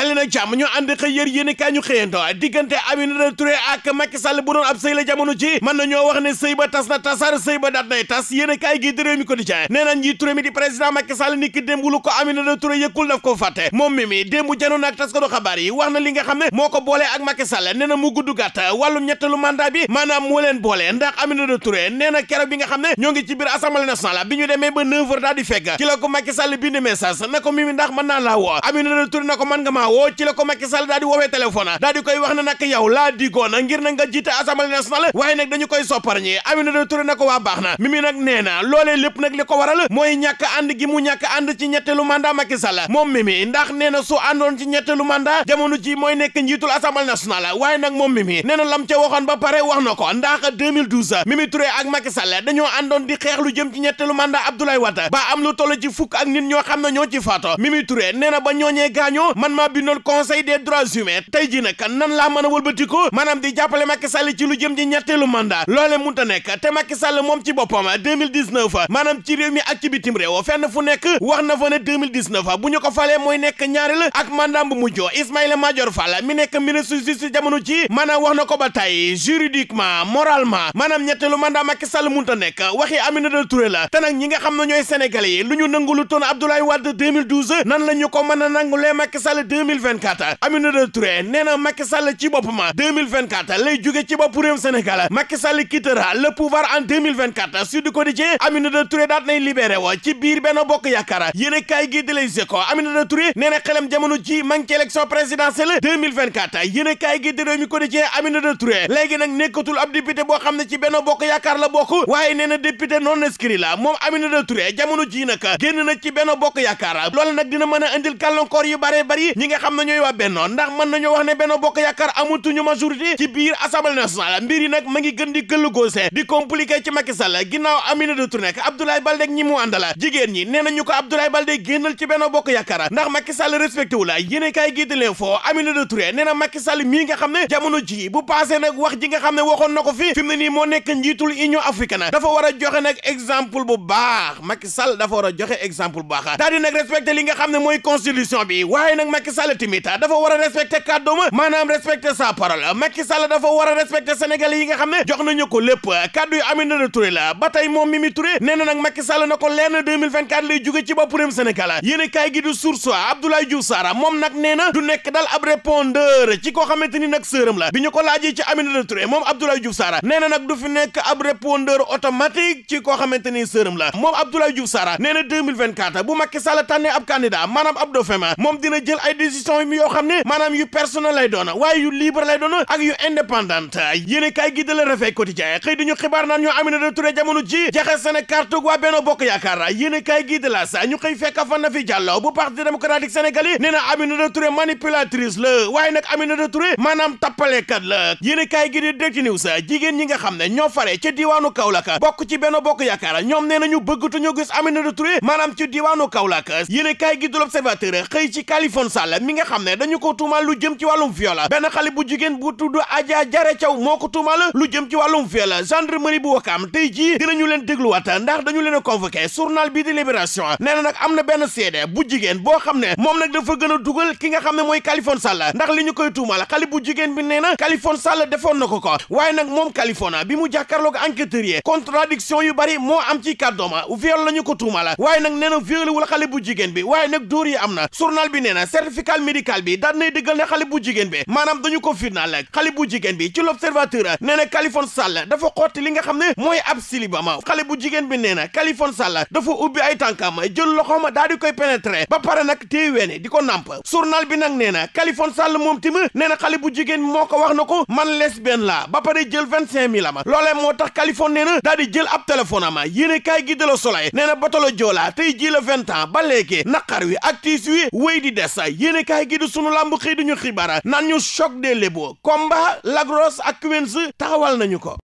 dali nag jàmm ñu ànd xëy yër yéen kaay ñu xëyanto diggante Aminata Touré ak Macky bu doon ab sëy la ci mën na ñoo wax ne sëy tas na tasar sëy ba nay tas yéen kaay gi di réew ko di jaay nee nañ ñi mi di président Macky Sall ni ki démb lu ko yëkkul daf ko fàtte moom mi mi démb janoon tas ko do xabaar yi wax na li nga xam ne moo ko boolee ak Macky Sall na mu gudd gàtt wàllum ñettalu mandat bi bi nga xam ne ñoo ngi ci woo ci la ko Macky Sall daal di woowee téléphone daal di koy wax ne nag yow laa digoon ngir na nga jiite assemblée nationale waaye nag dañu koy soppar ñi Aminata Touré na ko waa baax na Mimi nag nee na loolee lépp nag li ko waral mooy ñàkk ànd gi mu ñàkk ànd ci ñetteelu mandat Macky Sall moom Mimi ndax nee su àndoon ci ñetteelu mandat jamono ji mooy nekk njiitul assemblée nationale waaye nag moom Mimi nee na lam ca waxoon ba pare wax na ko ndax 2012 Mimi Touré lu jëm ci ñetteelu mandat Abdoulaye Wade ba am lu toll ci fukk ak nan laa mën a wëlbati ko maanaam di jàppale Macky Sall ci lu jëm ci ñetteelu mandat loole munta nekk te Macky Sall moom ci boppam 2019 ci réew mi ak ci bitim réew fenn fu nekk wax na fa ne 2019 bu ñu ko falee mooy nekk ñaareel ak mandat bu mujj Ismaïla Madior Fall mi nekk ministre justice jamono ji maanaam wax na ko ba tey juridiquement moralement maanaam ñetteelu mandat Macky Sall munta nekk waxi Aminata Touré la te nag ñi nga xam ne ñooy la ñu ko mën a nangulee Macky Sall 2024 Aminata Touré nee na Macky Sall ci boppam 2024 lay jóge ci bopp réewum Sénégal Macky Sall quittera le pouvoir en 2024 Sud Quotidien Aminata Touré daat nay libéré ci biir Benno Bokk Yaakaar yéen kaay gi di Les Échos Aminata Touré nee na xelam jamono ji mangi ci élection présidentielle 2024 yéen kaay gi di Rewmi Quotidien Aminata Touré léegi nag nekkatul ab député boo xam ci Benno Bokk Yaakaar la bokk waaye nee na député la moom Aminata na ci Benno Bokk Yaakaar loolu nag a indil xam na ñooy waa Benno ndax mën nañoo wax ne Benno Bokk Yaakaar amatuñu majorité ci biir Assemblée nationale mbir yi nag ma ngi gën di gëllugóose di compliqué ci Macky Sall ginnaaw Aminata Touré ak Abdoulaye Baldé ak ñi mu àndala jigéen ñi nee nañu ko Abdoulaye Baldé génnal ci Benno Bokk Yaakaar ndax Macky Sall respecté wu la yéene kaay gi di l'info Aminata Touré nee na Macky Sall mii nga xam ne jamono ji bu passé nag wax ji xam ne waxoon na ko ne nii moo nekk njiitul Union africaine dafa a joxe exemple bu baax Macky Sall joxe exemple bu baax nag respecté li nga xam ne mooy constitution bi waaye nag Macky Sall Sall dafa war a respecté kàddoom maanaam respecté sa parole Macky dafa war a respecté yi nga xam ne jox nañu ko lépp kàddu yu Aminata Touré la ba moom Mimi Touré nee na nag Macky na ko leer na 2024 lay jóge ci bopp réewum Sénégal yéen kaay gi du source Abdoulaye Diouf Sarr moom nag nee du nekk daal ab répondeur ci koo xamante ni nag sërëm la bi ñu ko laajee ci Aminata na nag du moom Abdoulaye Diouf Sarr nee na 2024 décision yi yoo xam ne maanaam yu personnel lay doona waaye yu libre lay doona ak yu indépendante yéen gi de la Réveil Quotidien xëy di xibaar naan ñoo Aminata Touré jamono ji jaxase na carte waa Benno Bokk Yaakaar yéen kay gi de la sa ñu xëy fekk fa Nafi Diallo bu Parti démocratique sénégalais nee na Aminata Touré la waaye nag Aminata Touré maanaam tappalekat la yéen gi di Direct News jigéen ñi nga xam ne ñoo fare ci diwaanu Kaolack bokk ci Benno Bokk Yaakaar ñoom nee na ñu bëggatu mi nga xam ne dañu ko tuumal lu jëm ci wàllum viol benn xali bu jigéen bu tudd Adja Jare Thiaw moo ko tuumal lu jëm ci wàllum viol gendarmerie bu Wakaam tey jii dinañu leen dégluwaat ndax dañu leen a convoqué bi di Libération nee na nag am na benn seede bu jigéen boo xam ne moom nag dafa gën a dugal ki nga xam ne mooy Kalifone Sall ndax li ñu koy tuumal xale bu jigéen bi nee na Kalifone Sall defoon na ko ko waaye nag moom Kalifone bi mu jàkkaarloog enquêteurs yi yu bari moo am ci kàddoom viol la ñu ko tuumal waaye nee na violewul xale bu jigéen bi waaye nag dóor yi na journal bi nee na certificat certificat médical bi daal nay dëggal ne xale bu jigéen bi maanaam dañu ko firnaal xale bu jigéen bi ci l'observateur nee na Kalifone Sall dafa xotti li nga xam ne mooy ab silibama xale bu jigéen bi nee na Kalifone Sall dafa ubbi ay tànkam jël loxooma daal di koy pénétrer ba pare nag téye weene di ko nàmp journal bi nag nee na Kalifone Sall moom tim nee na xale bu jigéen bi moo ko wax na ko man lesbienne la ba pare jël vingt-cinq mille ama loolee moo tax Kalifone nee na daal di jël ab téléphone ama yéene kaay gi de la Soleil nee na batalo joolaa tey ji la vingt ans ba léegi naqar wi ak tiis wi wéy di des yéene yéenekaay gi du sunu làmb xëy duñu xibaar naan ñu choc des lebo combat Lac Rose ak Quench taxawal nañu ko